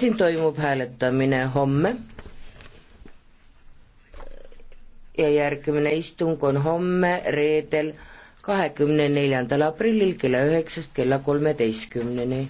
siin toimub hääletamine homme. ja järgmine istung on homme, reedel, kahekümne neljandal aprillil kella üheksast kella kolmeteistkümneni